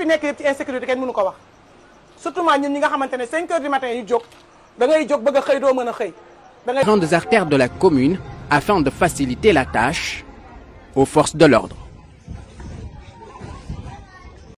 fi nekk yëpp ci insécurité kenn mënu ko wax surtout ñun ñi nga xamante ne 5 heures du matin yu jóg da ngay jóg bëgg a xëy doo mën a xëy. grandes artères de la commune afin de faciliter la tâche aux forces de l'ordre